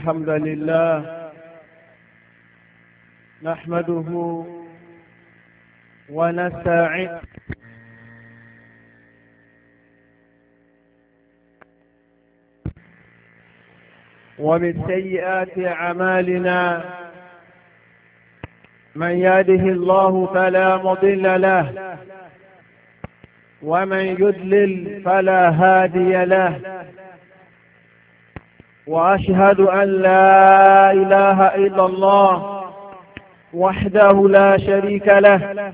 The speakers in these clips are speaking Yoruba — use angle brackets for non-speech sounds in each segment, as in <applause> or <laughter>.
الحمد لله نحمده ونستعين ومن سيئات أعمالنا من يهده الله فلا مضل له ومن يدلل فلا هادي له وأشهد أن لا إله إلا الله وحده لا شريك له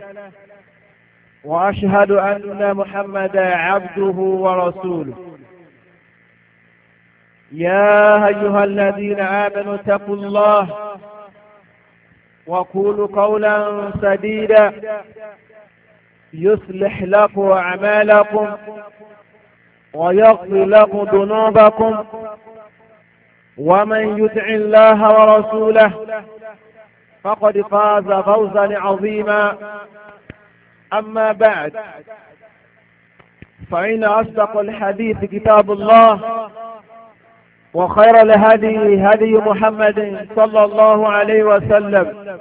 وأشهد أن محمدا عبده ورسوله يا أيها الذين آمنوا اتقوا الله وقولوا قولا سديدا يصلح لكم أعمالكم ويغفر لكم ذنوبكم ومن يطع الله ورسوله فقد فاز فوزا عظيما أما بعد فإن أصدق الحديث كتاب الله وخير لهدي هدي محمد صلى الله عليه وسلم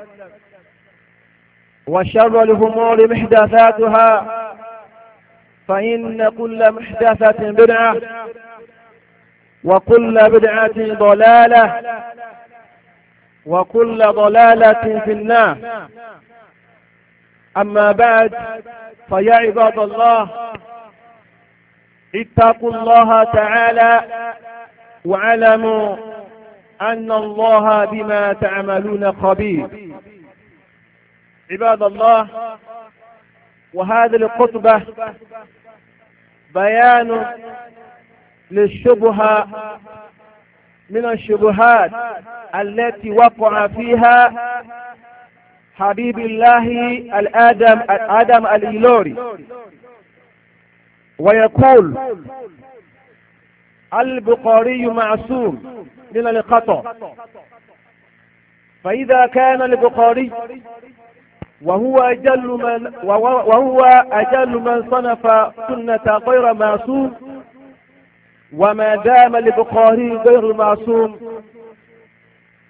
وشر الأمور محدثاتها فإن كل محدثة بدعة وكل بدعة ضلالة وكل ضلالة في النار أما بعد فيا عباد الله اتقوا الله تعالى واعلموا أن الله بما تعملون خبير عباد الله وهذه الخطبة بيان للشبهة من الشبهات التي وقع فيها حبيب الله الآدم آدم الإيلوري ويقول البخاري معصوم من الخطأ فإذا كان البخاري وهو أجل من وهو أجل من صنف سنة غير معصوم وما دام البخاري غير معصوم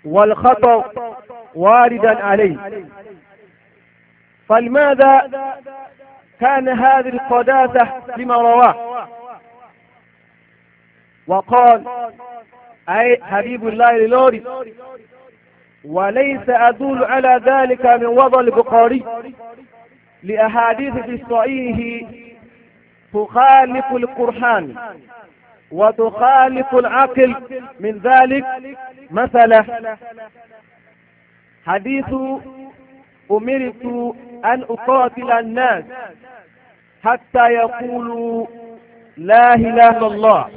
والخطأ واردا عليه فلماذا كان هذه القداسة لما رواه وقال أي حبيب الله للوري وليس أدول على ذلك من وضع البخاري لأحاديث في صحيحه تخالف القرآن وتخالف العقل من ذلك مثلا حديث أمرت أن أقاتل الناس حتى يقولوا لا إله إلا الله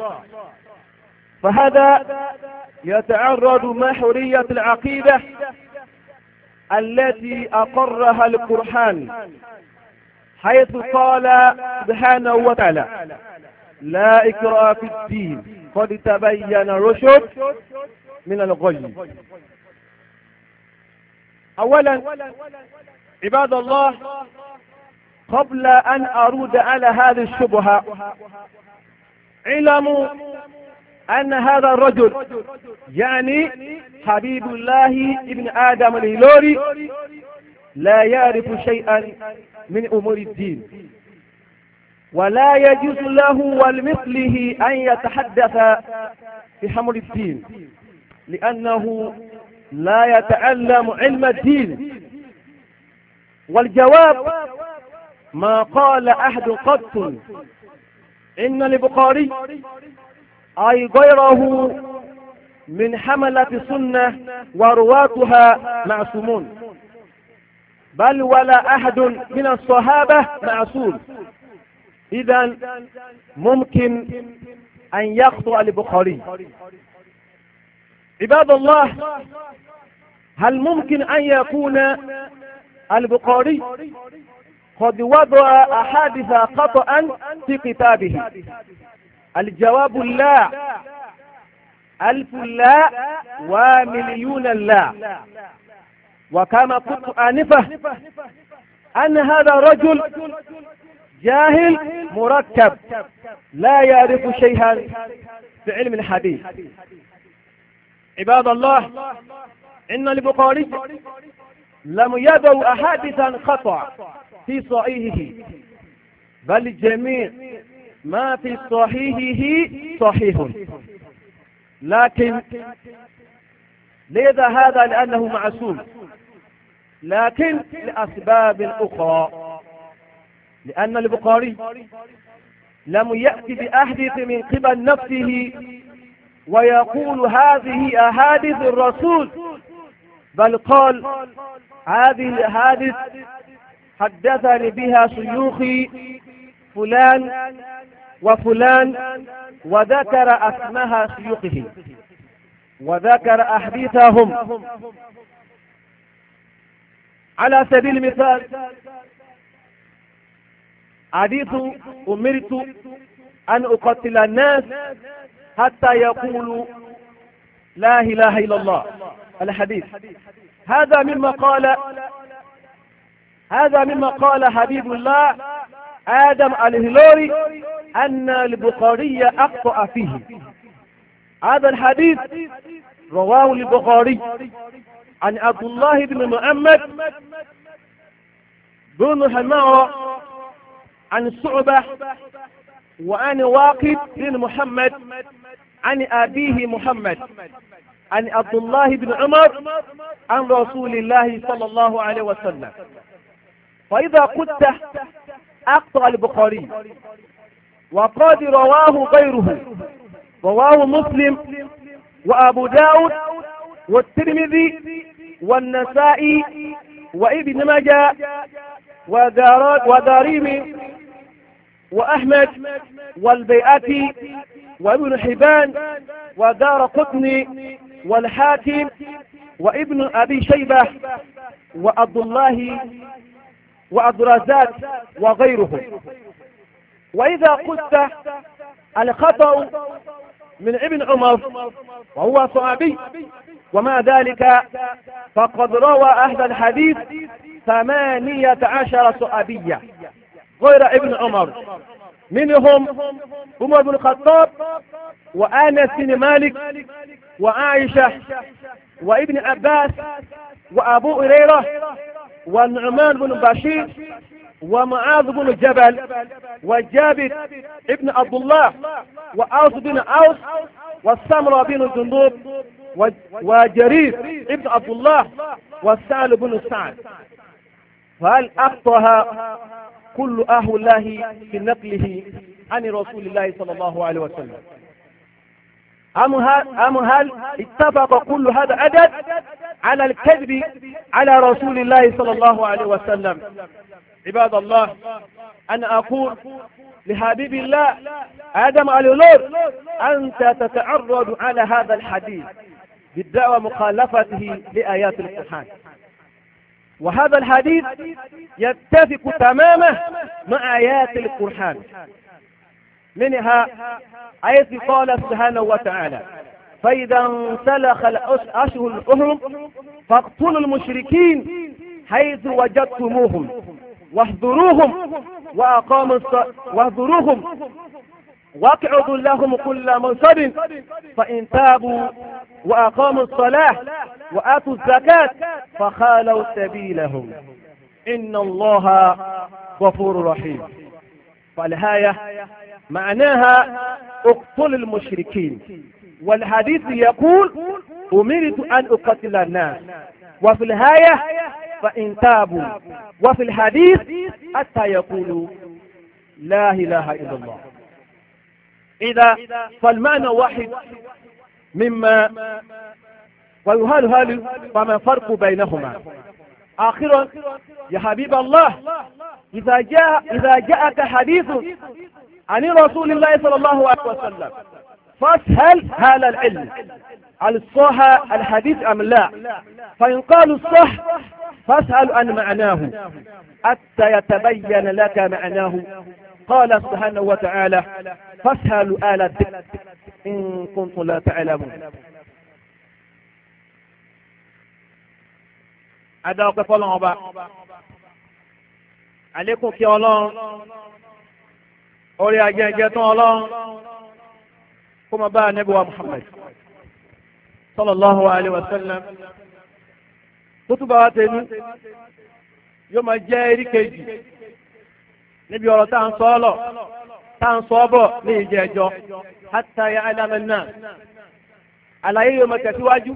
فهذا يتعرض مع حرية العقيدة التي أقرها القرآن حيث قال سبحانه وتعالى لا إكراه في الدين قد تبين رشد من الغي أولا عباد الله قبل أن أرود على هذه الشبهة علموا أن هذا الرجل يعني حبيب الله ابن آدم الهلوري لا يعرف شيئا من أمور الدين ولا يجوز له ولمثله أن يتحدث في حمل الدين لأنه لا يتعلم علم الدين والجواب ما قال أحد قط إن البخاري أي غيره من حملة السنة ورواتها معصومون بل ولا أحد من الصحابة معصوم إذا ممكن أن يخطئ البخاري عباد الله هل ممكن أن يكون البخاري قد وضع أحاديث خطأ في كتابه الجواب لا ألف لا ومليون لا وكما قلت آنفة أن هذا الرجل جاهل مركب لا يعرف شيئا في علم الحديث عباد الله إن البخاري لم يدع أحاديثا خطأ في صحيحه بل جميع ما في صحيحه صحيح لكن لذا هذا لأنه معصوم لكن لأسباب أخرى لأن البخاري لم يأتي بأحدث من قبل نفسه ويقول هذه أحاديث الرسول بل قال هذه الأحاديث حدثني بها شيوخي فلان وفلان وذكر أسمها شيوخه وذكر أحاديثهم على سبيل المثال حديث أمرت أن أقتل الناس حتى يقولوا لا إله إلا الله الحديث هذا مما قال هذا مما قال حبيب الله آدم الهلوري أن البخاري أخطأ فيه هذا الحديث رواه البخاري عن عبد الله بن محمد بن حمارة عن الصعبة وعن واقف بن محمد عن أبيه محمد عن عبد الله بن عمر عن رسول الله صلى الله عليه وسلم فإذا قلت أقطع البخاري وقد رواه غيره رواه مسلم وأبو داود والترمذي والنسائي وابن ماجه وداريم وأحمد والبيئتي وابن حبان ودار قطني والحاتم وابن أبي شيبة وعبد الله وعبد الرزاق وغيرهم وإذا قلت الخطأ من ابن عمر وهو صحابي ومع ذلك فقد روى أهل الحديث ثمانية عشر صعبيه غير ابن عمر منهم عمر بن الخطاب وأنس بن مالك وعائشة وابن عباس وأبو هريرة والنعمان بن بشير ومعاذ بن جبل وجابر ابن عبد الله وأوس بن أوس والسمرة بن جندوب وجرير ابن عبد الله والسال بن سعد فهل أخطأها كل أهل الله في نقله عن رسول الله صلى الله عليه وسلم أم هل, أم هل اتفق كل هذا عدد على الكذب على رسول الله صلى الله عليه وسلم عباد الله أنا أقول لحبيب الله آدم الولور أنت تتعرض على هذا الحديث بالدعوة مخالفته لآيات القرآن وهذا الحديث يتفق تماما مع آيات القرآن منها حيث قال سبحانه وتعالى فإذا انسلخ الأشهر الأهرم فاقتلوا المشركين حيث وجدتموهم واحضروهم وأقاموا واحضروهم واقعدوا لهم كل منصب فإن تابوا وأقاموا الصلاة وآتوا الزكاة فخالوا سبيلهم إن الله غفور رحيم فالهاية معناها اقتل المشركين والحديث يقول أمرت أن أقتل الناس وفي الهاية فإن تابوا وفي الحديث حتى يقولوا لا إله إلا الله إذا فالمعنى واحد مما ويهال هال فما فرق بينهما آخرا يا حبيب الله إذا جاء إذا جاءك حديث عن رسول الله صلى الله عليه وسلم فاسهل هذا العلم هل صح الحديث أم لا فإن قالوا الصح فاسأل عن معناه حتى يتبين لك معناه قال سبحانه وتعالى فاسهلوا آل الذكر إن كنتم لا تعلمون ada ọpẹ́ fọ́lọ́run ọba àlékún kí Ọlọ́run orí ajẹjẹ tán Ọlọ́run kó máa bá ànábì wa Muhammad sallallahu alayhi wa sallam tó túbọ̀ wá tẹnu yóò máa jẹ́ eríkejì níbi ọ̀rọ̀ tá ń sọ ọ́ lọ tá ń sọ ọ́ bọ̀ ní ìjẹ́ ẹjọ́ hatta ya'lam an àlàyé yóò máa tẹ̀síwájú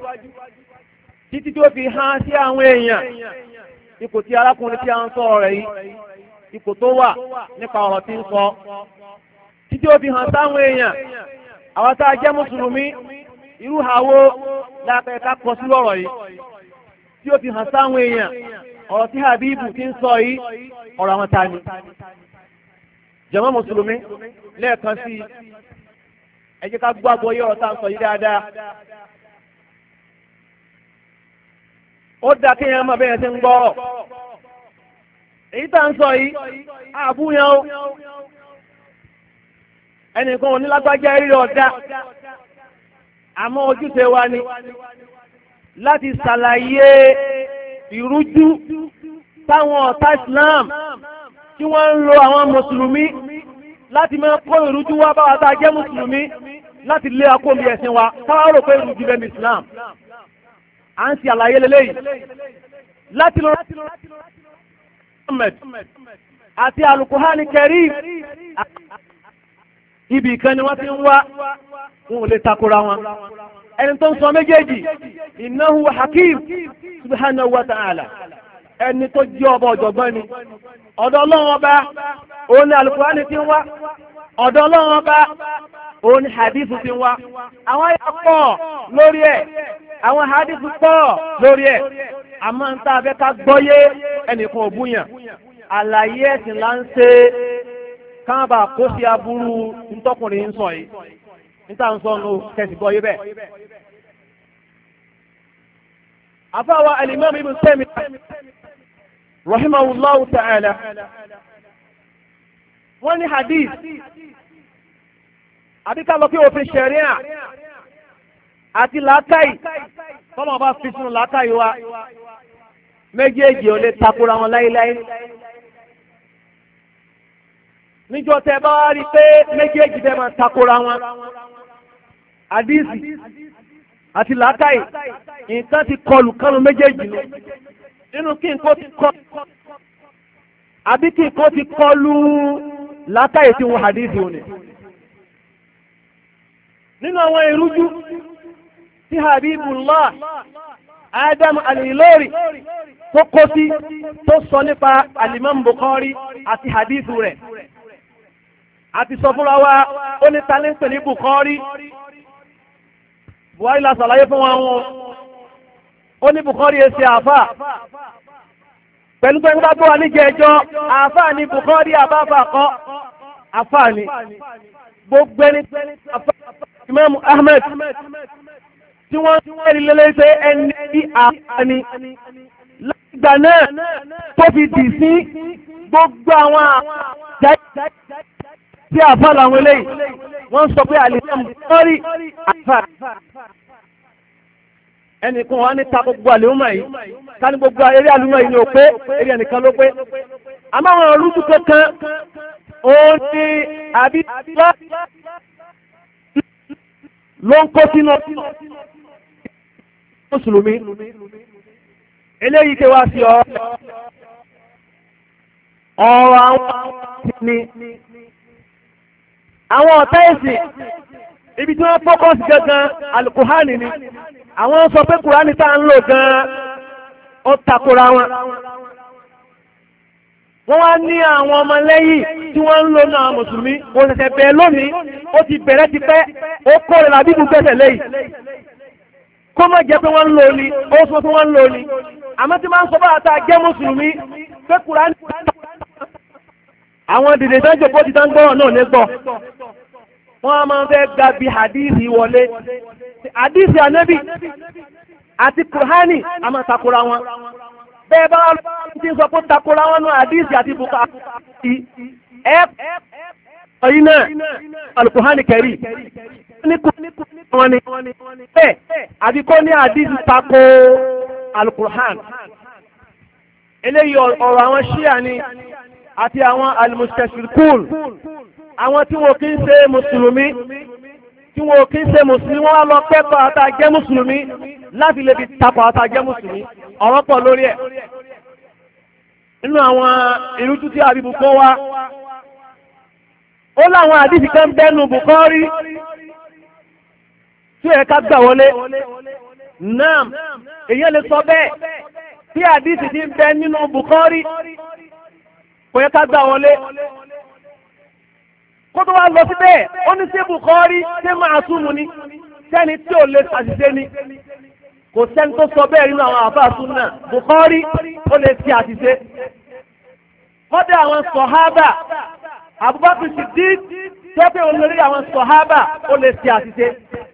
títí tó fi hàn sí àwọn èèyàn ipò tí arákùnrin tí a ń sọ ọ̀rọ̀ yìí ipò tó wà nípa ọ̀rọ̀ tí ń sọ títí ó fi hàn sáwọn èèyàn àwọn tá a jẹ́ mùsùlùmí irú lápẹ̀ká kọ sí ọ̀rọ̀ yìí tí ó fi ọ̀rọ̀ tí Habibu ti ń sọ yìí ọ̀rọ̀ àwọn ta ni jàmá mùsùlùmí lẹ́ẹ̀kan sí ẹ jẹ́ ká gbọ́ àgbọ́yé ọ̀rọ̀ tá à ń sọ yìí dáadáa ó dáa kéèyàn máa bẹ́ẹ̀ ṣe ń gbọ́rọ̀ èyí tá à ń sọ yìí àbúyàn o ẹnìkan onílágbájá rírọ̀ ọ̀dà àmọ́ ojúṣe wa ni láti ṣàlàyé ìrújú táwọn ọ̀tá Islam tí wọ́n ń lo àwọn mùsùlùmí láti máa kó ìrújú wá báwa tá a jẹ́ mùsùlùmí láti lé akóbi ẹ̀sìn wa táwa rò pé ìrújú bẹ́ẹ̀ Islam à ń ṣe àlàyé lélẹ́yìí láti lọ àti alukuhani kẹrí ibì kan ni wọ́n ti ń wá wọn ò lè takora wọn ẹni tó ń sọ méjèèjì innahu hakim subhanahu wa ta'ala ẹni tó jẹ́ ọba ọ̀jọ̀gbọ́n ni ọ̀dọ̀ ọlọ́run ọba òun ni alukurani ti ń wá ọ̀dọ̀ ọlọ́run ọba òun ni hadithu ti ń wá àwọn ayé pọ̀ lórí ẹ̀ àwọn hadithu pọ̀ lórí ẹ̀ àmọ́ ń tá a ká gbọ́yé ẹnìkan òbúyàn àlàyé ẹ̀sìn là ń ṣe káàbà kó sí aburú ntọ́kùnrin ń sọ yìí níta ń sọnù kẹsì gbọ́ yé bẹ́ẹ̀. àfáwa alimami ibn sẹ́mi rahimahullahu ta'ala wọ́n ní hadith àbíká lọ pé òfin ṣẹ̀ríà àti làákàyè tọ́mọ̀ bá fi sínú làákàyè wa méjèèjì ò lè takora wọn láéláé níjọ́ tẹ́ bá rí pé méjèèjì bẹ́ẹ̀ máa takora wọn àdíìsì àti làákàyè nǹkan ti kọlù kánú méjèèjì nù nínú kí nǹkan ti kọ àbí kí nǹkan ti kọlù làákàyè tí wọn àdíìsì òní. nínú àwọn ìrújú tí Habibullah Adam alilori ilori tó kó sí tó sọ nípa Al-Imam Bukhari àti hadithu rẹ̀ àti sọ fúnra wa ó ní talẹ́ńpẹ̀ ní Bukhari buhari la ṣàlàyé fún wọn wọn ó ní bukhari ẹ ṣe àáfà pẹ̀lú pé nígbà wà ní jẹjọ́ àáfà ni bukhari àbáfà kọ́ àáfà ni gbogbo ẹni àáfà imam ahmed tí wọ́n ń rí lélẹ́sẹ̀ ẹni bí àáfà ni lágbà náà tó fi dì sí gbogbo àwọn àjẹ́ tí àáfà làwọn eléyìí wọ́n sọ pé àlìmọ́mù kọ́rí àfà ẹnìkan wa ní ta gbogbo àlìmọ́ yìí ká ní gbogbo eré àlìmọ́ yìí ni ò pé eré ẹnìkan ló pé àmọ́ àwọn olùdú kankan ó ní àbí ló ń kó sínú mùsùlùmí eléyìí tẹ wá sí ọ ọ̀rọ̀ àwọn ti ní àwọn ọ̀tá ẹ̀sìn ibi tí wọ́n fọ́kọ́sì gangan alukuhani ni àwọn sọ pé kùránì tá à ń lò gan-an ó takora wọn. wọ́n wá ní àwọn ọmọlẹ́yìn tí wọ́n ń lò náà mùsùlùmí kò ṣẹ̀ṣẹ̀ bẹ̀ẹ́ lónìí ó ti bẹ̀rẹ̀ ti pẹ́ ó kórè làbíbù gbẹ̀sẹ̀ lẹ́yìn kó má jẹ́ pé wọ́n ń lò ní ó sọ pé wọ́n ń lò ní àmọ́ tí máa sọ bá àtà jẹ́ mùsùlùmí pé kùránì tá àwọn dìde tó ń jòkó ti tán gbọ́rọ̀ náà ní gbọ́ wọ́n á máa fẹ́ gba bí hadithi wọlé hadithi anabi àti kurhani a máa takora wọn bẹ́ẹ̀ bá wọn ti sọ pé takora wọn nù hadithi àti buka ẹ ọ̀yìn náà alukuhani kẹrì ní kúrò wọn ni bẹ́ẹ̀ àbíkọ́ ní hadithi tako alukuhani eléyìí ọ̀rọ̀ àwọn ṣíà ni àti àwọn alimusitẹsirikul àwọn tí wọn kì í ṣe mùsùlùmí tí wọn kì í ṣe mùsùlùmí wọn lọ kẹ́kọ̀ọ́ àtà jẹ́ mùsùlùmí láti lè fi takọ àtà jẹ́ mùsùlùmí ọ̀rọ̀ pọ̀ lórí ẹ̀ nínú àwọn ìrújú tí àbí bùkọ́ wa ó láwọn àdìsí kan bẹ́nu bùkọ́ rí tí ó ká gbà wọlé náà èyí lè sọ bẹ́ẹ̀ tí àdìsí ti ń bẹ nínú bùkọ́ rí kò yẹ ká gbà wọlé kó tó wá lọ síbẹ̀ ó ní sẹ́bù kọ́rí ṣé máa súnmu ni sẹ́ni tí ò lè ṣàṣìṣe ni kò sẹ́ni tó sọ bẹ́ẹ̀ nínú àwọn àbá súnmọ́ Bukhari ó lè ṣe àṣìṣe kọ́dà àwọn sọ̀hábà Abubakar Siddiq tó pé òun àwọn sọ̀hábà ó lè ṣe àṣìṣe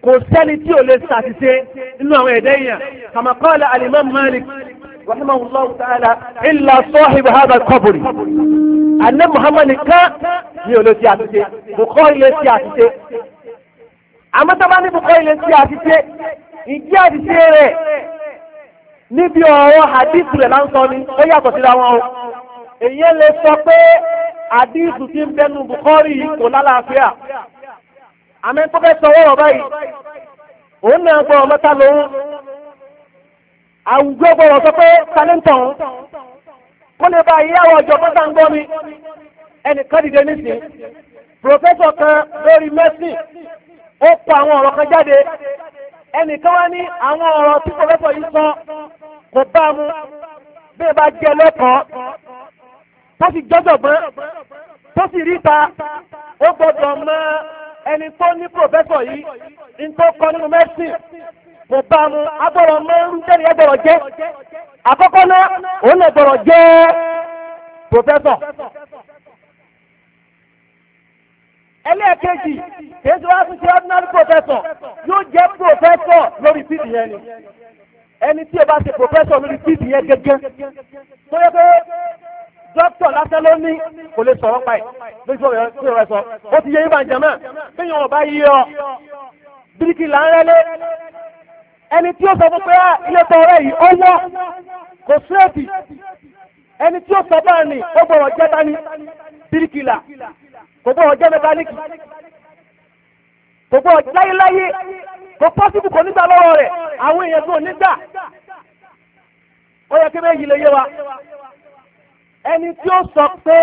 kò sẹ́ni tí ò lè ṣàṣìṣe nínú àwọn ẹ̀dẹ́ èèyàn kama qala al rahimahullahu ta'ala illa sahib hadha al-qabr àná muhammad kan ní olóòtú àtúnṣe bukhari lè ṣe àtúnṣe àmọ́ tó bá ní bukhari lè ṣe àtúnṣe ìdí àtúnṣe rẹ̀ níbi ọ̀rọ̀ hadith rẹ̀ láǹsọ ni ó yàtọ̀ síra wọn o èyí lè sọ pé hadith ti ń bẹnu bukhari kò lálàáfíà àmì tó fẹ́ sọ báyìí òun náà gbọ́ ọmọ tá lòun àwùjọ gbọ́dọ̀ sọ pé talentan kó lè bá iye àwọn ọ̀jọ̀gbọ́n tá ń gbọ́ mi ẹnìkan dìde nísìn pòfẹ́sọ̀ kan lórí mẹ́sìn ó kọ àwọn ọ̀rọ̀ kan jáde ẹnìkan wá ní àwọn ọ̀rọ̀ tí pòfẹ́sọ̀ yìí sọ kò bá mu bí ẹ bá jẹ lẹ́kọ̀ọ́ tó sì jọ́jọ̀gbọ́n tó sì ríta ó gbọ́dọ̀ mọ ẹni tó ní pòfẹ́sọ̀ yìí ní tó kọ nínú mẹ́sìn kò bá mu agbọ́rọ̀ mẹ́rú tẹ́lẹ̀ yẹn gbọ́rọ̀ jẹ́ àkọ́kọ́ náà òun náà gbọ́rọ̀ jẹ́ pòfẹ́sọ̀ ẹlẹ́ẹ̀kejì kéjì wá tún ṣe ordinary professor yóò jẹ́ professor lórí fídì yẹn ni ẹni tí o bá ṣe professor lórí fídì yẹn gẹ́gẹ́ tó yẹ pé doctor lásán ló ní kò lè sọ̀rọ̀ pa ẹ̀ lójú ọ̀rọ̀ rẹ̀ sọ ó ti yẹ yín bá bí yẹn bá yí ọ bíríkì là ń rẹ́lé ẹni tí ó sọ fún pé ah, ilé yìí ó kò sírètì ẹni tí ó sọ bá ní ó gbọ́dọ̀ jẹ́ tani bíríkìlà kò gbọ́dọ̀ jẹ́ mẹkáníkì kò gbọ́dọ̀ láyéláyé kò pọ́sibú kò nígbà lọ́wọ́ rẹ̀ àwọn èèyàn tó nígbà ó yẹ kí bẹ́ẹ̀ yìí lè yé wa ẹni tí ó sọ pé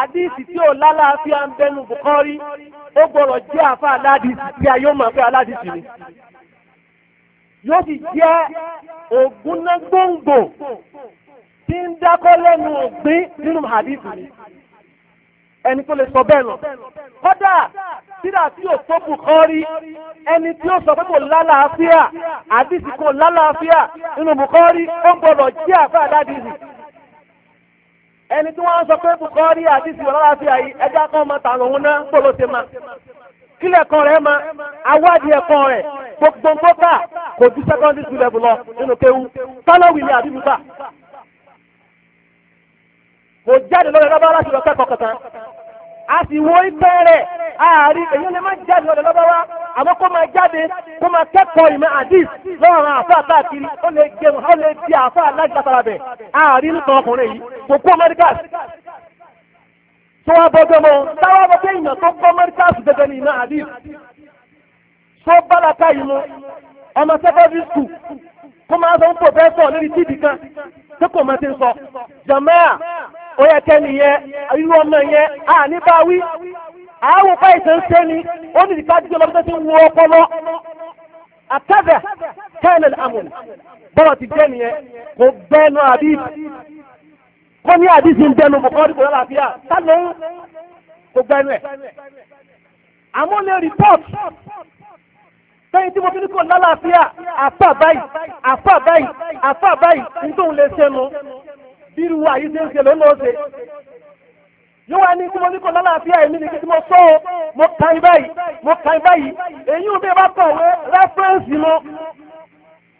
àdìsí tí ò ń bẹnu Bùkọ́rí ó àfa aládìsí tí a yóò aládìsí ni. yóò sì jẹ́ ògúnná gbòǹgbò tí ń dákọ́ lẹ́nu ògbín nínú hadithu ni ẹni tó lè sọ bẹ́ẹ̀ lọ. kódà sídà tí yóò tó Bukhari ẹni tí ó sọ pé kò lálàáfíà hadithu kò lálàáfíà nínú Bukhari ó gbọdọ̀ jẹ́ àfẹ́ àdádìsì. ẹni tí wọ́n sọ pé Bukhari hadithu kò lálàáfíà yìí ẹja kan máa tà lóhun náà kó ló máa kílẹ̀ kan rẹ̀ ma awádìí ẹ̀kọ́ rẹ̀ gbogbo bọ́tà kò ju secondary school level lọ nínú kéwú tálọ́wì ni àbí musa kò jáde lọ́dọ̀ lọ́ba láti lọ kẹ́kọ̀ọ́ kankan a sì wo ìpẹ́ rẹ̀ ààrí èyí lè má jáde lọ́dọ̀ lọ́ba wa àmọ́ kó máa jáde kó máa kẹ́kọ̀ọ́ ìmọ̀ àdìs lọ́wọ́ àwọn àfa káàkiri ó lè jẹun ó lè di àfa alájà farabẹ̀ ààrí nìkan ọkùnrin yìí kò kú ọmọdé káàkiri tó wá bọ́ gbọ́mọ táwọn ọmọ pé ìnà tó gbọ́ mẹ́ríkàsì gẹ́gẹ́ ní iná àdìs tó bálaka yìí mu ọmọ secondary school kó máa sọ ń pò fẹ́ sọ lórí tíìdì kan tó kò máa ti ń sọ jamaa ó yẹ kẹ́ni yẹn irú ọmọ yẹn a ní bá wí àwọn ọ̀pá ìṣe ń ṣe ni ó ní ìdíkà dídí ọlọ́pàá ti ń wo ọpọlọ àtẹ́bẹ̀ kẹ́ni àmùn bọ́lá ti jẹ́ nìyẹn kò bẹ́ẹ̀ náà àdìs kó ní àdísì ń dẹnu bùkọ́ rí kòrò àlàáfíà sálọ kò gbẹnu ẹ̀. àmọ́ lè report sẹ́yìn tí mo fi ní kò lálàáfíà àfà báyìí àfà báyìí àfà báyìí ní tóun lè ṣe nu bírú àyí ṣe ń ṣe ló ń lọ ṣe. yóò wá ní tí mo ní kò lálàáfíà èmi nìkan tí mo sọ o mo kàn yín báyìí mo kàn yín báyìí èyí ò bí ẹ bá kọ̀wé rẹ́fúrẹ́ǹsì mu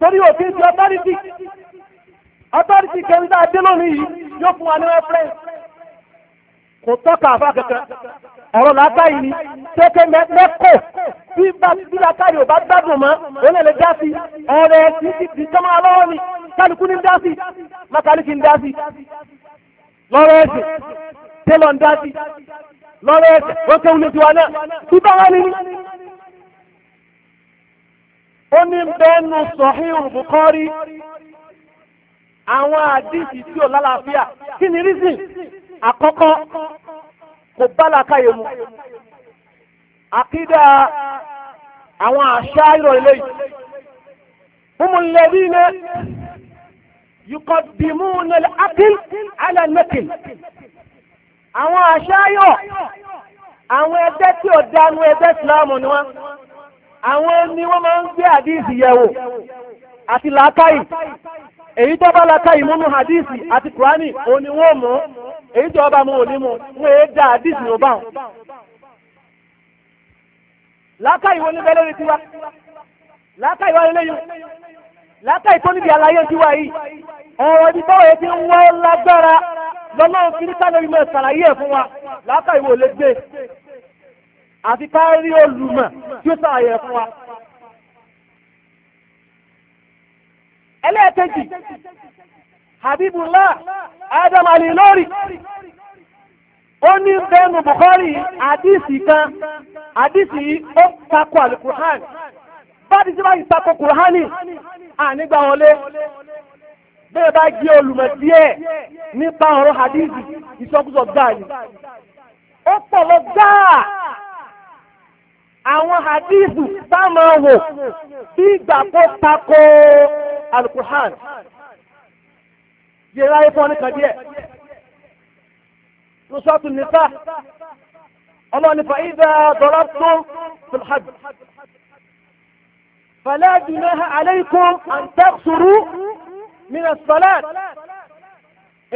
torí òfin ti ọtọ́rìtì authority kẹrin tá a dé lónìí yìí yóò fún wa ní reference kò tọ́ka àfa kankan ọ̀rọ̀ làákàyè ni tẹ́tẹ́ mẹ́kọ̀ bí làákàyè ò bá gbádùn mọ́ ó lè lè dá sí ọ̀rẹ́ tí ti di sọ́mọ́ alọ́wọ́ ni kálukú ní ń dá sí mákàlíkì ń dá sí lọ́rọ̀ ẹ̀sìn tẹ́lọ̀ ń dá sí lọ́rọ̀ ẹ̀sìn wọ́n kéwù lè tiwa náà tí bá wà nínú. ó ní bẹ́ẹ̀ nù Sahih Bukhari àwọn àdìsí tí ò lálàáfíà kí ni rísìn àkọ́kọ́ kò bá làákàyè mu àkídà àwọn àṣà ìrọ̀ ilé yìí humu lẹ́bíine yukọ̀dìmúnà akil alanakil àwọn àṣà yọ̀ àwọn ẹgbẹ́ tí ò dánú ẹgbẹ́ ìsìlámù ni wọ́n àwọn ẹni wọ́n máa ń gbé àdìsí yẹ̀wò àti làákàyè èyí tó bá laka ìmúnú hadisi àti kurani òun ni wọ́n mú èyí tó bá mú òní mú wọ́n da hadisi ní ọba wọn. laka ìwọ níbẹ̀ lórí tiwa laka ìwọ lélẹ́yìn laka ìtọ́ níbi àlàyé tiwa yìí ọ̀rọ̀ ibi tọ́wọ́ yẹn ti ń wọ́ lágbára lọ́lọ́run fi ní kálórì mọ́ ṣàlàyé ẹ̀ fún wa laka ìwọ lè gbé àti ká rí olùmọ̀ tí ó ṣàlàyé ẹ̀ fún wa. ẹlẹ́ẹ̀kejì Habibullah Adam Ali lórí ó ní bẹ́ẹ̀nù Bukhari àdìsí kan àdìsí ó takò alukurhan báyìí tí báyìí takò kurhani ànígbà wọlé bẹ́ẹ̀ bá jẹ́ olùmọ̀ díẹ̀ nípa ọ̀rọ̀ hadithi ìsọkúsọ gbáà ó pọ̀ lọ gbáà àwọn máa wò bí ìgbà takò alukur'an yẹ láyé fún ọ nìkan díẹ̀ nusratu nisa ọlọ́ni fa ìdá dọ́rọ́tún filhad fala junaha alaykum an taqsuru min as-salat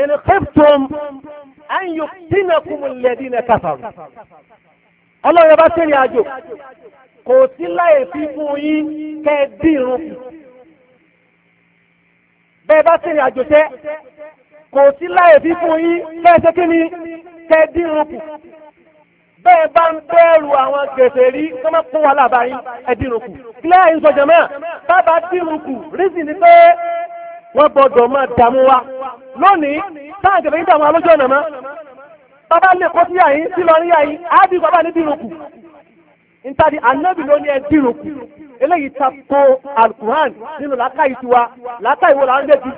in khiftum an yuftinakum alladhina kafaru ọlọ́run bá tẹ̀lé àjò kò sí láyé fífún yín kẹ́ẹ̀dínrún fún bẹ́ẹ̀ bá sìnrìn àjò tẹ́ kò sí láyè bí fún yín bẹ́ẹ̀ kí ni tẹ́ dínrùn kù bẹ́ẹ̀ bá ń bẹ̀rù àwọn gbèsè rí tó máa kún wa lába yín ẹ̀dínrùn kù kílẹ̀ ẹ̀yìn sọ̀jọ̀ mọ́ bàbá dínrùn kù rísì ni pé wọ́n gbọ́dọ̀ máa dààmú wa lónìí táà gbèsè yín dààmú wa lójú ọ̀nà mọ́ bàbá lè kọ́ sí àyín sí lọ rí àyín àábí bàbá ní dínrùn kù ní ẹ dínrùn eléyìí tako alukuran nínú làákàyè tiwa làákàyè wo là ń létí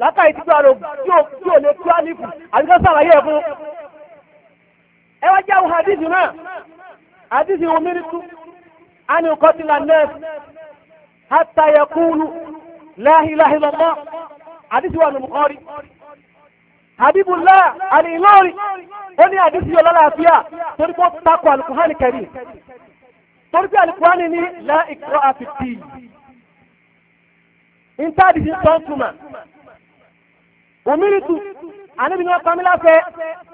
làákàyè tí wàá lò tí ò lè tú àlìfù àti kásá àlàyé ẹ̀ fún. ẹ wá jáwọ́ hadithi náà hadithi wọn mìíràn tú àni kọ́tìlá nẹ́ẹ̀sì hàtà yẹ kúlù láhìláhì lọ́mọ́ hadithi wà nínú kọ́rí. Habibullah Alilori ó ní hadithi yọ lọ́la àfíà torí kó tako alukuhani kẹrin torí pé àlùkùránì ní la ikraha fi ddin intaadi ti sọ tuma omiritu anabi ní wọn pa mí láfẹ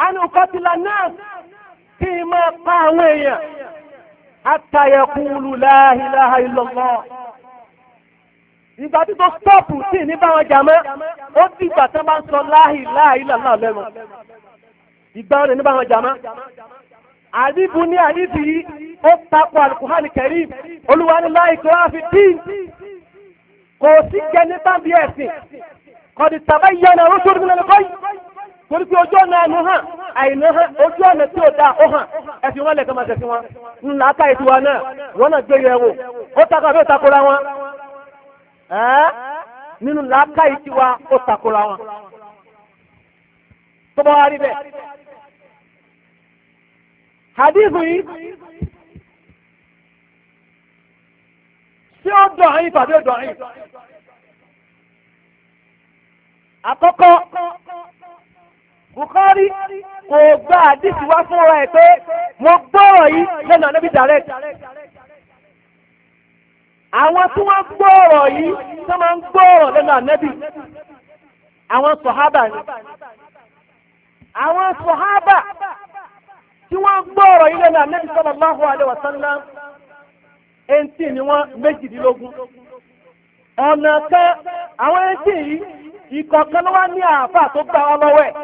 àni òkọtìlá náà kí n máa pa àwọn èèyàn hatta yaqulu la ilaha illallah ìgbà tí tó stọ́ọ̀pù sí ní báwọn jàmọ́ ó ti ìgbà tí bá ń sọ la ilaha lẹ́nu ìgbà wọn ní báwọn jàmọ́. àdìbò ní àdìbò yìí ó takò karim olùwániláyìí tó wá dín kò sí kẹ́ni tàbí ẹ̀sìn kọ̀dì tàbá yẹnà ó sórí nínú ẹ̀kọ́ yìí torí pé ojú ọ̀nà ẹnu hàn àìní hàn ojú ọ̀nà tí da ó hàn ẹ̀sìn wọn lẹ̀kọ́ máa ṣẹ̀sìn wọn ńlá ká ètò wa náà wọn náà gbé yẹ̀ wò ó takò àbí ó hadith yìí tí ó dọ̀ yín tàbí ó dọ̀ yín. Àkọ́kọ́ Bukhari kò gba àdìsí wá fúnra ẹ̀ pé mo gbọ́rọ̀ yìí lẹ́nu ànábì direct. Àwọn tí wọ́n gbọ́rọ̀ yìí tó máa ń gbọ́rọ̀ lẹ́nu ànábì. Àwọn sọ̀hábà ni. Àwọn sọ̀hábà tí wọ́n gbọ́ ọ̀rọ̀ yìí lẹ́nu Ànábì sallallahu alaihi wasallam ẹ̀ǹtì ni wọ́n méjìdínlógún ọ̀nà kan àwọn ẹ̀ǹtì yìí ìkọ̀ọ̀kan ló wá ní àáfà tó gba ọ lọ́wọ́ ẹ̀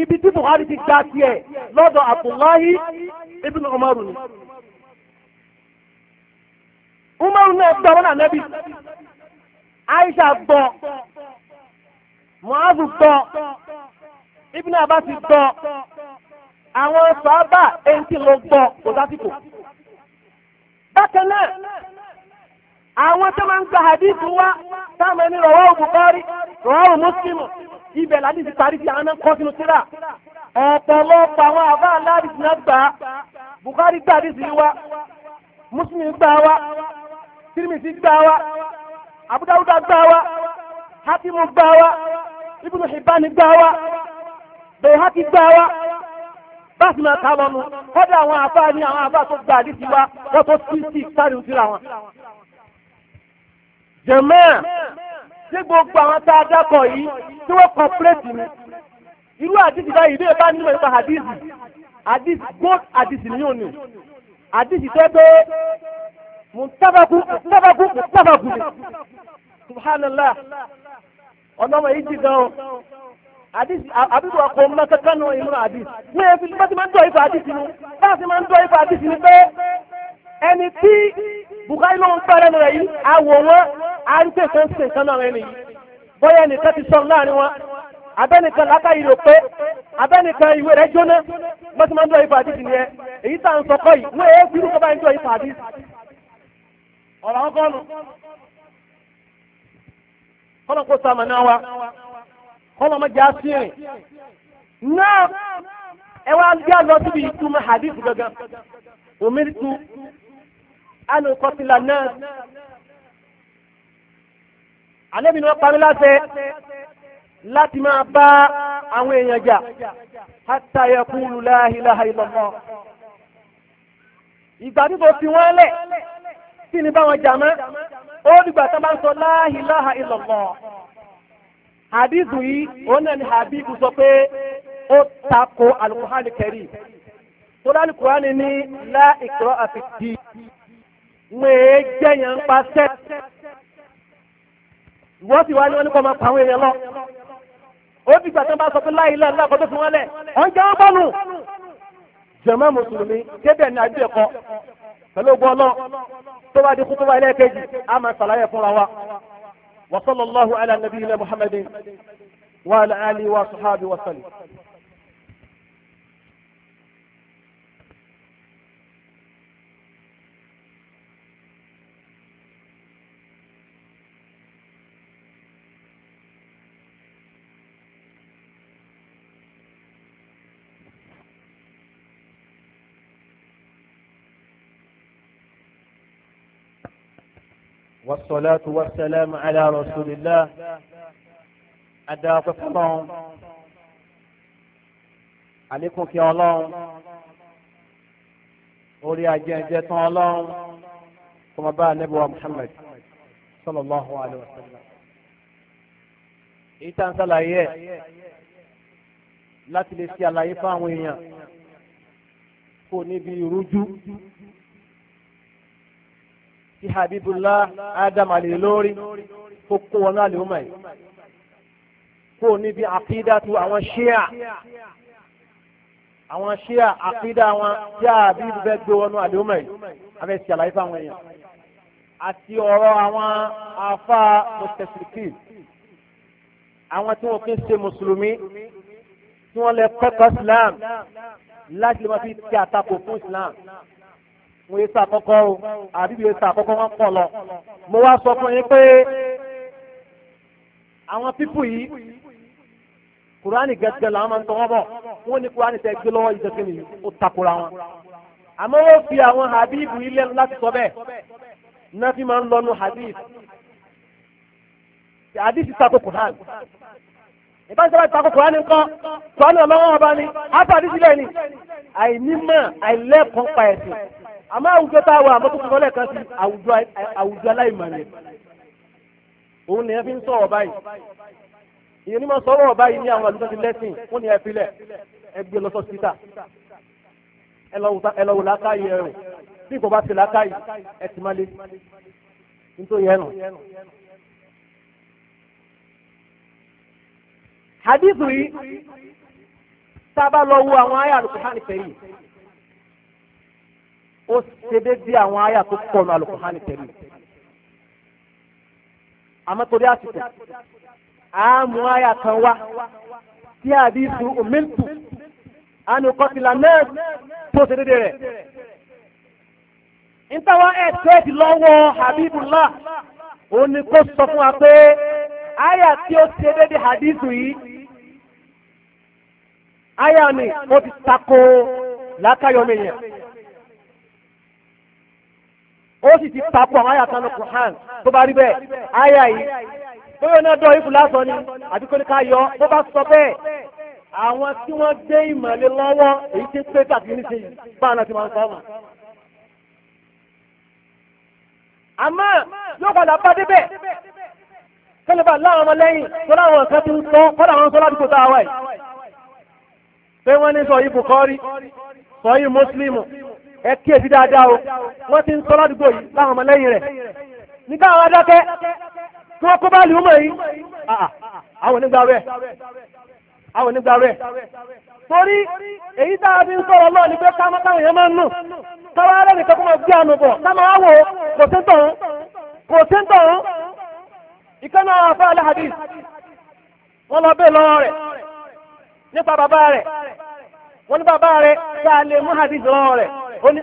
ibi tí Buhari ti gba tiẹ̀ lọ́dọ̀ Abdullahi ibn Umaru ni Umaru náà gbọ́ ọ̀rọ̀ Ànábì Aisha gbọ́ Mu'azu gbọ́ Ibn Abbas ti gbọ́ àwọn sọ́ọ́bà ẹni tí ló gbọ́ kò sásìkò. bákan náà àwọn tó máa ń gba hadith wa táwọn ẹni rawahu Bukhari rawahu Muslim ibẹ̀ ládìí parí sí àwọn náà kọ́ sínú síra ọ̀pọ̀lọpọ̀ àwọn àbá náà gbà á Bukhari gbà hadith wa Muslim gbà wa gbà wa wa Hakimu gbà wa bẹ̀rẹ̀ ha ti gbá wa bá sì máa ká lọ́nu kọ́dà àwọn àbá ní àwọn àbá tó gbà ní tiwa wọ́n tó sí sí sáré òsìrà wọn. jẹ̀mọ́ ṣé gbogbo àwọn tá a dákọ̀ yìí tí wọ́n kọ pírẹ́tì ni irú àdìsí báyìí ilé ìbá nínú ìpa àdìsí àdìsí gold àdìsí ni yóò ní àdìsí tó pé mùtábàkù mùtábàkù mùtábàkù ni subhanallah ọ̀nà ọmọ yìí ti gan o. àbí wà kó mọ́ ìmúra àbí wọ́n yẹ fi bá máa ń àdìsí ni bá máa ń àdìsí ni pé ẹni tí ló ń rẹ̀ yìí wọn náà rẹ̀ nìyí ti láàrin wọn abẹ́nìkan látàyè rò pé abẹ́nìkan ìwé rẹ̀ jóná máa ń àdìsí ni ẹ èyí ń sọkọ kọ́lọ́mọ jẹ́ àti rìn náà ẹ wá gbé àlọ́ síbi ìtumọ̀ hadith gangan òmìniru alùpàtìlà náà àlébi ni wọ́n parí láṣẹ láti máa bá àwọn èèyàn jà hatta yaqulu la ilaha illallah ìgbà tí kò fi wọ́n lẹ̀ kí ni báwọn jà mọ́ ó dìgbà tó bá ń sọ la ilaha hadithu yìí òun náà ni habibu sọ pé ó tako alukuhani kẹrì alukuhani ní la ìkọ́ àfìdí ńwé jẹ́yàn ń pa sẹ́ wọ́n sì wá ní wọn ní kọ́ máa pa èèyàn lọ ó ti gbà bá sọ pé láì ilẹ̀ ńlá kọ́tọ́ fún wọn lẹ̀ jẹ́ wọ́n mùsùlùmí kébẹ̀ ní àdúgbò ẹ̀kọ́ wa. وصلى الله على نبينا محمد وعلى آله وصحبه وسلم والصلاة والسلام على رسول الله أدى فصلهم عليكم يا الله أولي أجل الله كما بقى نبوة محمد صلى الله عليه وسلم èyí tá ń ṣàlàyé ẹ̀ láti lè ṣe àlàyé tí habibullah adam alẹ́ lórí kó kó wọn náà lè wọ́n mọ̀ yìí kó níbi àkídàtu àwọn ṣíà àwọn ṣíà àkídà wọn tí habibu bẹ́ẹ̀ gbé wọn náà lè wọ́n mọ̀ yìí abẹ́ sí àlàyé fáwọn èèyàn àti ọ̀rọ̀ àwọn afa mùsùlùmí àwọn tí wọ́n fi ń ṣe mùsùlùmí tí wọ́n lè kọ́kọ́ islam láti lè máa fi ti àtakò fún islam wọn èsà àkọ́kọ́ o àbíbi èsà àkọ́kọ́ wọn pọ̀ lọ mo wá sọ fún yín pé àwọn pípù yìí kùránì gẹ́gẹ́ làwọn máa ń tọwọ́ bọ̀ wọ́n ní kùránì tẹ́ gbé lọ́wọ́ ìjọsìn nìyí ó takora wọn àmọ́ wọ́n fi àwọn habibu yìí lẹ́nu láti sọ bẹ́ẹ̀ náà fi máa ń lọ́nu habib hadith tako kùránì ìbáṣepọ̀ ìtakò kùránì ńkọ́ kùránì ọlọ́wọ́ ọba ni ápàdé sílẹ̀ ni àìnímọ̀ àìlẹ́kọ̀ọ́ pa ẹ̀sìn àmọ́ àwùjọ tá a wà àmọ́ tó kọ́ lẹ́ẹ̀kan sí àwùjọ aláìmọ̀lẹ̀ òun ni ẹ fi ń sọ̀rọ̀ báyìí ìyẹn ní mo sọ̀rọ̀ báyìí ní àwọn àlùjọ lẹ́sìn wọ́n ní ẹ filẹ̀ ẹ gbé lọ sọ́sítà ẹ lọ wò lákàyè ẹ̀rù bí kò bá ti lákàyè ẹ ti má lé nítorí ẹ̀rù hadith yìí tá a bá lọ wo àwọn àyà alukuhani kẹrì ó ṣe déédéé àwọn àyà tó kọnu alukuhani kẹrì àmọ́ torí àsìkò àmú àyà kan wá tí hadith omintu àni kọtìlá náà tó ṣe déédéé rẹ̀ ntawa ẹ̀ tẹ́ẹ̀tì lọ́wọ́ habibullah òun ni kó sọ fún wa pé. aya tí ó ṣe hadithu yìí ti tako lákàyọmọ èèyàn ó sì ti tako àwọn àyà kan ní Qur'an tó bá rí bẹ́ẹ̀ yìí bóyá náà dọ̀ ni àbí kò ní ká yọ bó bá sọ bẹ́ẹ̀ àwọn tí wọ́n gbé ìmọ̀lẹ́ lọ́wọ́ èyí tí ń pé tàbí ti máa kẹ́lẹ́ bá láwọn ọmọ lẹ́yìn tó láwọn ọ̀sán ti ń sọ kọ́dà wọn sọ ládùúgbò tá a wáyé pé wọ́n ní sọ yìí Bukhari sọ yìí Muslimu ẹ kíyèsí dáadáa o wọ́n ti ń sọ ládùúgbò yìí láwọn ọmọ lẹ́yìn rẹ̀ nígbà àwọn adákẹ́ tí wọ́n kó bá lè ọmọ yìí àwọn onígbà rẹ̀ àwọn onígbà rẹ̀ torí èyí tá a fi ń sọ̀rọ̀ lọ́ọ̀ ni pé káwọn táwọn èèyàn máa ń nù káwọn arẹ́nìkan kó máa gbé àánú bọ̀ káwọn á wò kò sí tọ̀hún kò sí tọ̀hún ìkan náà wà fáwọn alahadis lọ bẹ́ẹ̀ lọ́wọ́ rẹ̀ nípa bàbá rẹ̀ wọ́n ní bàbá rẹ̀ tá a lè mú hadis lọ́wọ́ ní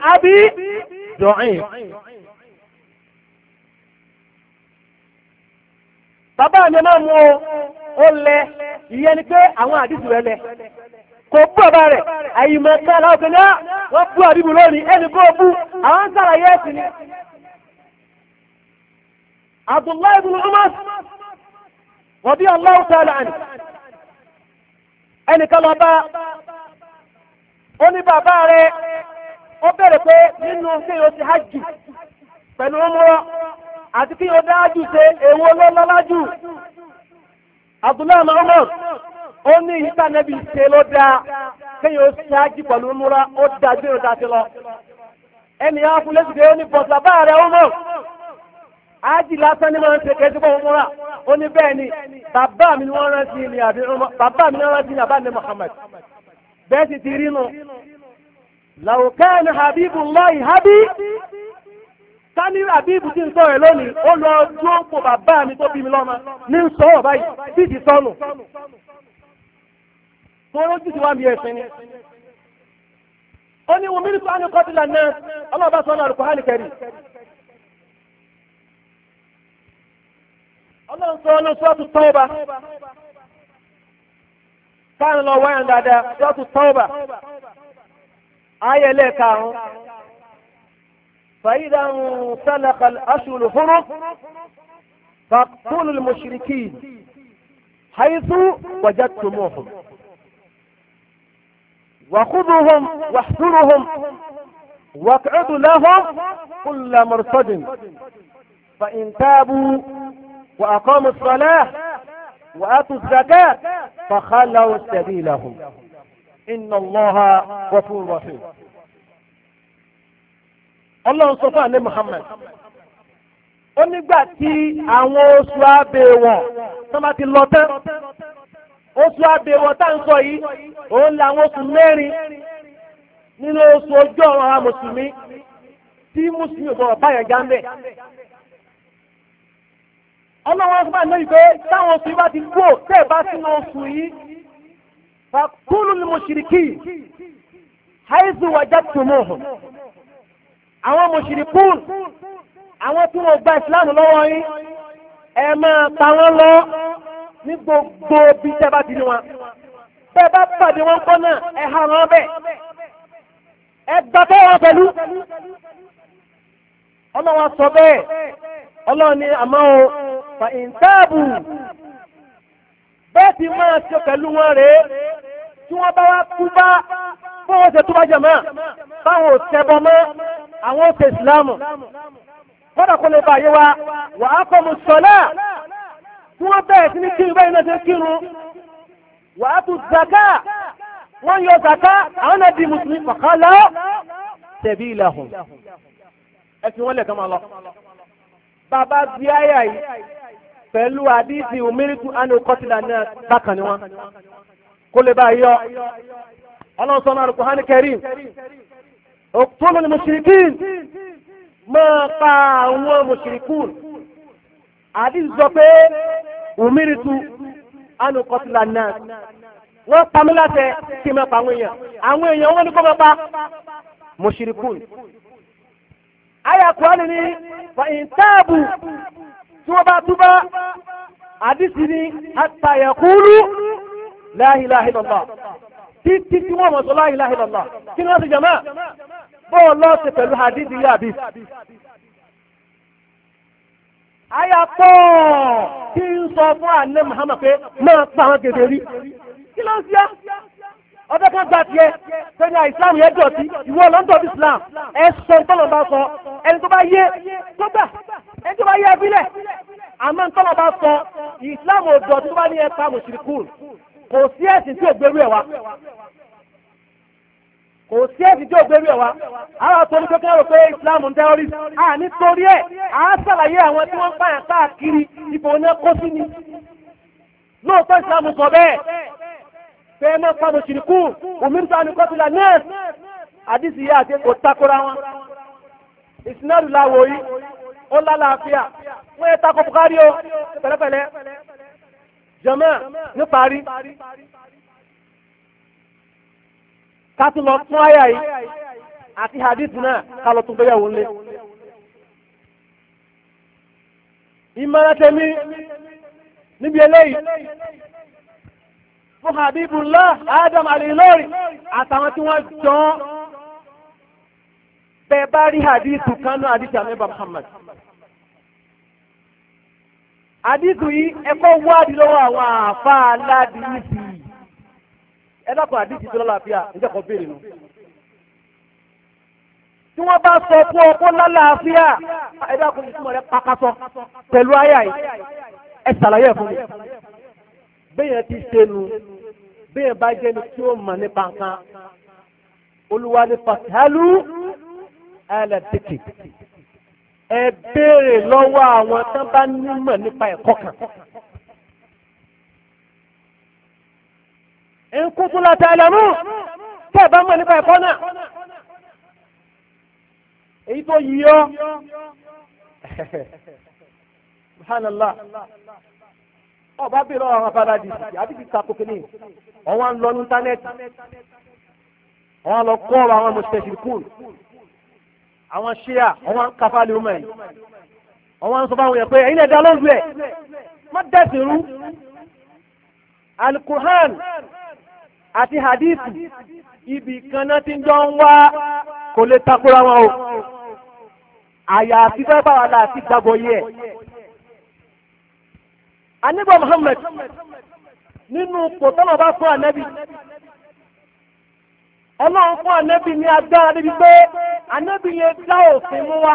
bàbá o lẹ ìyẹn ni pé àwọn àdìsí rẹ lẹ kò bú ọba rẹ̀ àyìnbọn kan láwọn kan náà wọ́n bú àdìbò lónìí ẹnì bú àwọn ni. abdullahi bin umar rọ̀bí allahu ta'ala àní ẹnìkan lọ bá ó ní bàbá rẹ̀ ó bẹ̀rẹ̀ pé nínú kí o ti hajj pẹ̀lú ọmọrọ àti kí o dáájú ṣe èwo lọ́lọ́lájú abdullahi bin umar ó ní ìyíká nẹ́bí ṣe ló dáa kí o ṣe hajj pẹ̀lú ọmọrọ ó dájú ìrọ̀dá ti lọ ẹnìyàn fún lẹ́sìdẹ́ ó ní bọ̀sàbá rẹ̀ ọmọ. ájì lásán ní máa ń ṣe kẹjúbọ múra ó ní bẹ́ẹ̀ ni bàbá mi ni wọ́n rántí ni àbí bàbá mi ni wọ́n rántí ni àbá bẹ́ẹ̀ sì ti rí nu habibu lọ́yìn hábí tani habibu ti ń sọ rẹ̀ lónìí ó lọ bàbá mi tó bí mi lọ́mọ ní ń sọ ni ó ní wọn sọ kọ́tìlá náà ọlọ́run sọ ọ́nà sọ́ọ̀tù tọ́ọ̀bà káàrin lọ wáyàn dáadáa sọ́ọ̀tù tọ́ọ̀bà ayẹlẹ karùn-ún fàyídà ń sálàkà aṣùlù fúnrún fàkúlù mùsùlùkì haythu wajadtumuhum وخذوهم واحصروهم واقعدوا لهم كل مرصد فإن تابوا وأقاموا الصلاة وآتوا الزكاة فخلوا سبيلهم إن الله غفور رحيم ọlọ́run sọ fún àlẹ́ Muhammad ó nígbà tí àwọn oṣù abẹ́ wọn tó bá ti lọ tán oṣù abẹ́ wọn tá ń sọ yìí òun làwọn oṣù mẹ́rin nínú oṣù ọjọ́ àwọn mùsùlùmí tí mùsùlùmí ò bọ̀ báyọ̀ jáńbẹ̀ ọlọ́wọ́ fún àná ìgbé táwọn oṣù yìí bá ti gbó tẹ́ bá sínú oṣù yìí fàkúlù ni mùṣìríkì haizu wajadtumuhum àwọn mùṣìríkùn àwọn tí wọ́n gba ìsìláàmù lọ́wọ́ yín ẹ máa pa wọ́n lọ ní gbogbo bí tẹ́ bá ti ní wọn tẹ́ bá pàdé wọn kọ́ náà ẹ hà wọn bẹ́ẹ̀ ẹ gbàtẹ́ wọn pẹ̀lú ọlọ́run wa sọ bẹ́ẹ̀ ọlọ́run ni àmọ́ o fa ìntàbù bẹ́ẹ̀ ti máa ṣe pẹ̀lú wọn rèé tí wọ́n bá wá kú bá bọ́wọ́ ṣe túbá jẹ̀ máa báwọn ò tẹ́bọ mọ́ àwọn òṣè ìsìláàmù kọ́dà kó lè bá yé wa wà á kọ́ mu sọ́lá tí wọ́n bẹ̀rẹ̀ sí ní kí ìwé iná ṣe kírun wà á tu zaka wọ́n yọ zaka àwọn náà di mùsùlùmí kọ̀ọ̀kan lọ tẹ̀bí ìlà hùn ẹ fi wọ́n lẹ̀ kán máa lọ. bàbá bí àyà yìí pẹ̀lú àdìsí omiriku anu kọtìlá náà bákan ni wọn kó lè bá yọ ọlọ́sọ̀nà alukuhani karim òkútọ́lù ni mushrikin máa pa àwọn mushrikun àdìsí sọ pé omiriku anu kọtìlá náà wọ́n pa mí láti kí n máa pa àwọn èèyàn àwọn èèyàn wọ́n ní kó máa pa mushrikun àyà kùránì ni fàyín táàbù tí wọ́n bá túbá àdìsí ni àtàyẹ̀kúrú la ilaha illallah títí tí wọ́n mọ̀ sọ la ilaha illallah kí ni wọ́n ti jàmá bọ́ọ̀ lọ sí pẹ̀lú àdìsí yá àbí. àyà pọ̀ kí n sọ fún àná Muhammad pé máa pa àwọn gèdè rí kí ló ń ṣe ọdẹ kan gba tiẹ sẹni àìsàn yẹn dọ̀tí ìwọ lọ́ńdọ̀ bí islam ẹ sọ ntọ́nà bá sọ ẹni tó bá yé tó gbà ẹni tó bá yé abilẹ̀ àmọ́ ntọ́nà bá sọ ìsìlámù ọ̀dọ̀tí tó bá ní ẹ̀ka mùsùlùkù kò sí ẹ̀sìn tí ò gbèrú ẹ̀ wá kò sí ẹ̀sìn tí ò gbèrú ẹ̀ wá àwọn àtọ́ni tó kẹ́rọ pé ìsìlámù ń tẹ́rọ́rì à nítorí ẹ̀ à á sàlàyé àwọn tí wọ́n ń pààyàn káàkiri ìbò ní kó sí ni lóòótọ́ ìsìlámù kọ bẹ́ẹ̀ fẹ́ẹ́ mọ́ pa mùsùlùkù òmìnira ní kọ́tùlà náà àdìsí yá àti kò takora wọn ìsinádù láwò yìí ó lálàáfíà wọ́n yẹ takò bukari o pẹ̀lẹ́pẹ̀lẹ́ jọmọ́ ní parí kátó lọ tún àyà yìí àti hadith náà kálọ̀ tún gbéyàwó ńlẹ̀ ìmọ̀ràn tẹ̀mí níbi eléyìí fún Habibullah Adam Alilori àtàwọn tí wọ́n jọ bẹ bá rí hadithu kánú hadithu amẹ́bà Muhammad hadithu yìí ẹ̀kọ́ wádìí lọ́wọ́ àwọn àfa aládìísì ẹ dákun hadithu tó lọ́làáfíà níjẹ́ kan béèrè nù tí wọ́n bá sọ fún ọkọ́ lálàáfíà ẹ dákun ìtumọ̀ rẹ pakasọ pẹ̀lú àyà yìí ẹ ṣàlàyé ẹ̀ fún mi bẹ́ẹ̀ ti ṣe nu bẹ́ẹ̀ bá jẹ́ ni tí ó mọ̀ nípa nǹkan olúwa ní fàtálù alẹ́dẹ́kì ẹ béèrè lọ́wọ́ àwọn tó bá nímọ̀ nípa ẹ̀kọ́ kan. in kuntum la ta'lamun tẹ́ ẹ bá mọ̀ nípa ẹ̀kọ́ náà èyí tó yí ọ́ <laughs> subhanallah ọba bèèrè lọ́wọ́ àwọn di àbí ti ta kókìní ọwọ́n ń lọ ní íńtánẹ́ẹ̀tì àwọn lọ kọ́ ọ̀rọ̀ àwọn mùsùlùmí àwọn ṣíà àwọn káfáàlì ọmọ yìí àwọn ń sọ fáwọn yẹn pé ẹ̀yin ẹ̀dá lóru ẹ̀ má dẹ̀sìn rú alukuhan àti hadithi ibì kan náà ti ń jọ ń wá kò lè takora wọn o àyà àti fẹ́ báwa la àti gbàgbọ́ yẹ anigba Muhammad ninu kòtọ́nà bá fún ànábì ọlọ́run fún anabi ni agbára níbi pé ànábì yẹn dá òfin mú wa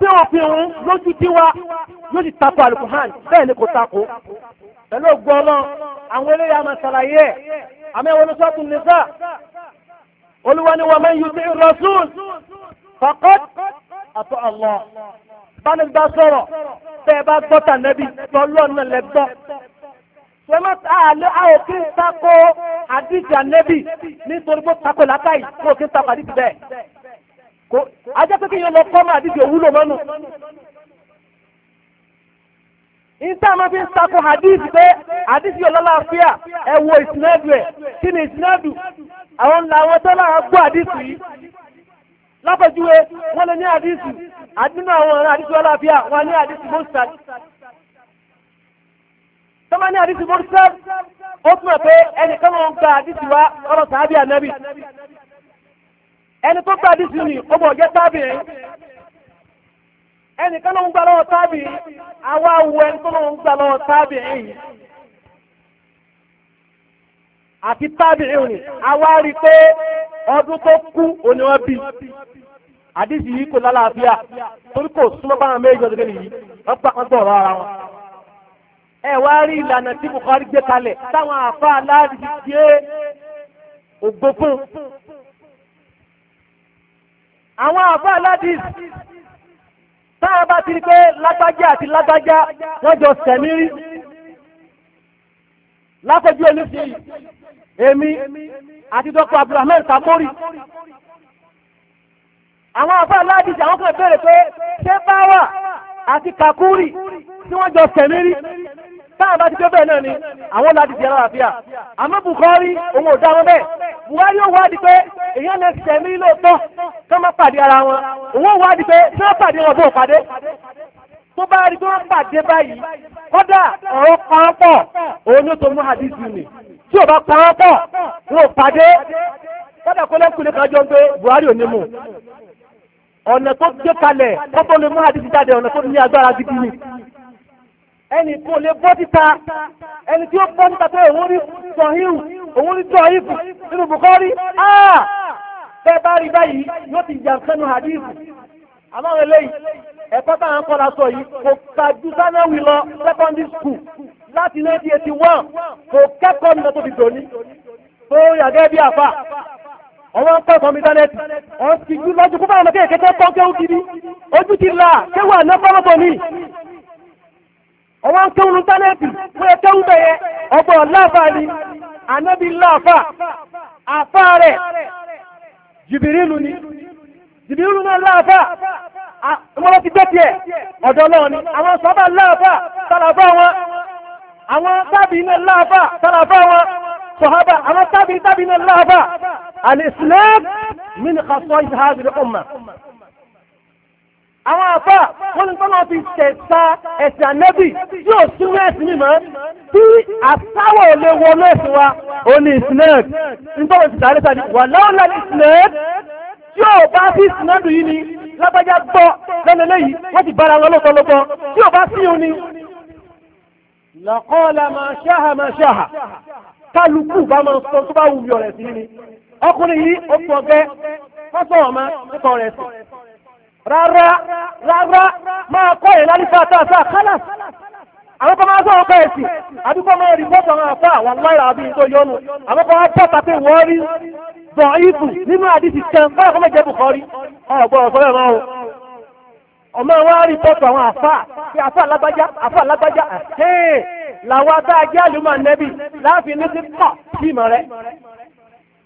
ṣé òfin òun lójú tiwa yóò ti tako alukuhan bẹ́ẹ̀ ni kò tako pẹ̀lú ògbọ́n àwọn eléyà olùsọ́tún nìfà báni bá sọ̀rọ̀ tẹ́ ẹ bá gbọ́ tànẹ́bí lọ́lọ́ náà lẹ gbọ́. Sọ́mọ́ àlẹ́ àòkín tako àdìsí ànẹ́bí nítorí tako látàyè kó kí n Ko àdìsí bẹ́ẹ̀. Kò ajẹ́ pé kí yẹn lọ kọ́ bi àdìsí òwúlò mọ́nu. Ìta máa fi ń tako kini pé àdìsí ọlọ́láàfíà ẹ wo ìsinádùú ẹ̀ lápẹjúwe wọ́n lè ní àdísì àdínú àwọn ọ̀rẹ́ àdísì ọlábíà wọ́n ní àdísì mọ́sàd tọ́mọ ní àdísì mọ́sàd ó túnmọ̀ pé ẹnì kan wọn gba àdísì wa ọ̀rọ̀ sàábì ànábì ẹni tó gba àdísì ni ó bọ̀ jẹ́ tábì ẹnì kan ló ń gbà lọ́wọ́ tábì àwa wo ẹni tó ló ń gbà lọ́wọ́ tábì àti tábìlì òní awárí pé ọdún tó kú òní wọn bí àdìsí yìí kò lálàáfíà torí kò súnmọ́ báwọn méjì ọdún kẹ́lẹ̀ yìí wọ́n pa wọn gbọ́ ọ̀rọ̀ ara wọn. ẹ wá rí ìlànà tí Bukhari gbé kalẹ̀ táwọn àáfàá aláàrí ti gbé ògbó àwọn àáfàá aláàrí táwọn bá ti rí pé lágbájá àti lágbájá wọ́n jọ sẹ̀mí rí lápẹjú olùsí yìí. èmi àti dr abdulrahman samori àwọn àfa aládìsí àwọn kan béèrè pé ṣé báwà àti kakuri tí jọ tẹ̀mí táwọn bá ti pé bẹ́ẹ̀ náà ni àwọn ládìsí aláàfíà òun ò wọn Buhari ó wá di pé èèyàn lè tẹ̀mí lóòótọ́ kí má ara wọn òun ó wá di pé tí pade pàdé wọn bó pàdé tó bá tí ò bá parọ́ pọ̀ wọn ò pàdé kọ́dà kó lẹ́kùn ní kájọ gbé Buhari ò ní mú ọ̀nà tó gbé kalẹ̀ kọ́tọ́ lè mú àdìsí jáde ọ̀nà tó ní agbára gidi ni ẹnì kò lè bọ́ títa ẹni tí ó bọ́ títa tó òun rí sọ̀híù òun rí sọ̀híù nínú Bukhari ah! bẹ́ẹ̀ bá rí báyìí yóò ti yàn sẹ́nu àdìsí àmọ́ eléyìí ẹ̀kọ́ táwọn kọ́ra sọ yìí kò kàjú lọ secondary school láti náà di etí wọ́n kò kẹ́kọ̀ọ́ nínú tó fi dòní tó yàgẹ́ bí àfà ọwọ́ ń kọ́kọ́ mi dánẹ́tì ọ̀n sì jù lọ́jọ́ kó báwọn ọmọdé kẹ́kẹ́ kọ́ kéwú gidi ojú ti là kéwú àná pọ́lọ́pọ̀ ni ọwọ́ ń kéwú ní dánẹ́tì wọ́n yẹ kéwú bẹ̀yẹ ọgbọ̀ láàfà ni ànábi láàfà àfà rẹ̀ jìbìrìlù ni jìbìrìlù náà láàfà ọmọdé ti gbẹ́ tiẹ̀ ọ̀dọ́ náà ni àwọn sọ́bà láàfà àwọn tábìnà láàbà tàlàbà wọn sọ̀hábà àwọn tábìnà tábìnà láàbà al-islam min khasa'is hadhihi al-umma. àwọn àfà wọn ní tọ́lá fi tẹ̀sà ẹ̀sìn ànẹ́bì tí ò sún ẹ̀sìn mímọ́ tí àtàwọ̀ lè wọlé ẹ̀sìn wa ó ní islam nítorí ti dàrí sàdí wà lọ́wọ́lá ní islam tí ò bá sí islam yìí ni lágbájá gbọ́ lẹ́nu lẹ́yìn wọ́n ti bára wọn lọ́tọ̀ọ́lọ́gbọ́ tí ò bá sí òun ni na ọla ṣáhà máa kálukú bá máa sọ tó bá wùmí ọ̀rẹ́ sí ni ọkùnrin yìí ó sọ gẹ́ fọ́sọ̀ ọ̀ma nípa ọ̀rẹ́ sí rárá rárá máa kọ́ ẹ̀ lálífà tààtà kálà àwọn kan máa sọ̀rọ̀ bẹ́ẹ̀ sí àdúgbò máa rí fà wà láìra àbí tó yọnu àwọn kan máa wọ́n rí nínú àdìsí kan báyọ̀ kọ́ ọmọ wa rí tọ́tù àwọn àfà kí àfà lágbájá àfà lágbájá ẹ̀hìn làwọn tá a jẹ́ àlùmọ̀ nẹ́bì láàfin ní ti pọ̀ sí ìmọ̀ rẹ̀.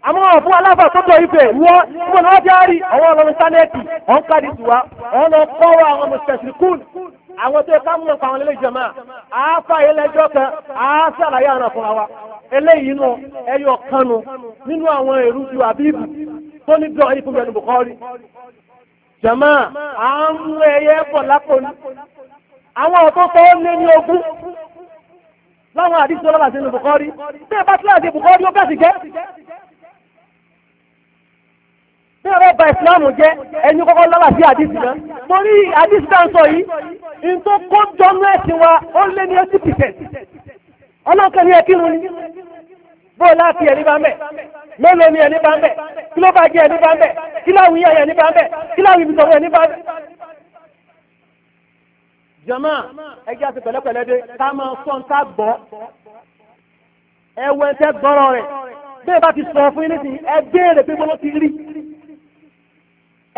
àmọ́ ọ̀fún aláfà tó tọ̀ ibẹ̀ wọ́n wọ́n lọ́wọ́ bí rí àwọn ọlọ́run íńtánẹ́ẹ̀tì ọ̀n káàdì tiwa ọ̀n lọ kọ́ wa àwọn mùsùlùmí àwọn tó ká mú ọkọ àwọn ilé ìjọba àáfà ilẹ̀jọ́ kan àásàlàyé àrùn fúnra wa eléyìí nù ẹyọ kanu nínú àwọn èrú ju àbíbù tó ní bí ọ jama à ń mú ẹyẹ pọ̀ lápò ní àwọn ọ̀tọ́tọ́ lé ní ogún láwọn àdíṣẹ́ ọlọ́lá sínú bùkọ́rí tí ẹ̀bá tí láti bùkọ́rí ó bẹ̀sì jẹ́ tí ẹ̀rọ bá ìsìláàmù jẹ́ ẹni kọ́kọ́ lọ́lá sí àdíṣẹ́ náà mo rí àdíṣẹ́ náà sọ yìí in tó kó jọnú ẹ̀sìn wa ó lé ní eighty percent ọlọ́kẹ́ ní ẹkírun ni bó láti ẹ̀rí bá mẹ́ mélòó ni ẹni bá ń bẹ̀ kí ló bá jẹ́ ẹni bá ń bẹ̀ kí láwùí ẹ̀yẹ ẹni bá ń bẹ̀ kí láwùí ibi sọ̀rọ̀ ẹni bá ń bẹ̀. jama ẹjẹ́ àti pẹ̀lẹ́pẹ̀lẹ́ dé ká máa sọ ká gbọ́ ẹwẹ́ tẹ́ gbọ́rọ̀ rẹ̀ bẹ́ẹ̀ bá ti sọ fún yín nísìnyí ẹ béèrè pé mo ti rí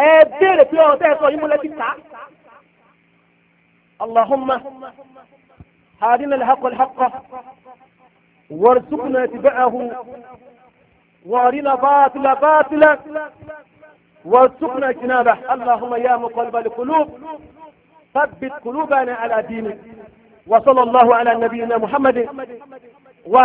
ẹ béèrè pé ọ̀rọ̀ tẹ́ sọ yín mo lẹ́ ti kà Allahumma hadina al-haqqa al-haqqa warzuqna tibaahu وارنا باطلا باطلا وارزقنا اجتنابه اللهم يا مقلب القلوب ثبت قلوبنا على دينك وصلى الله على نبينا محمد وعلى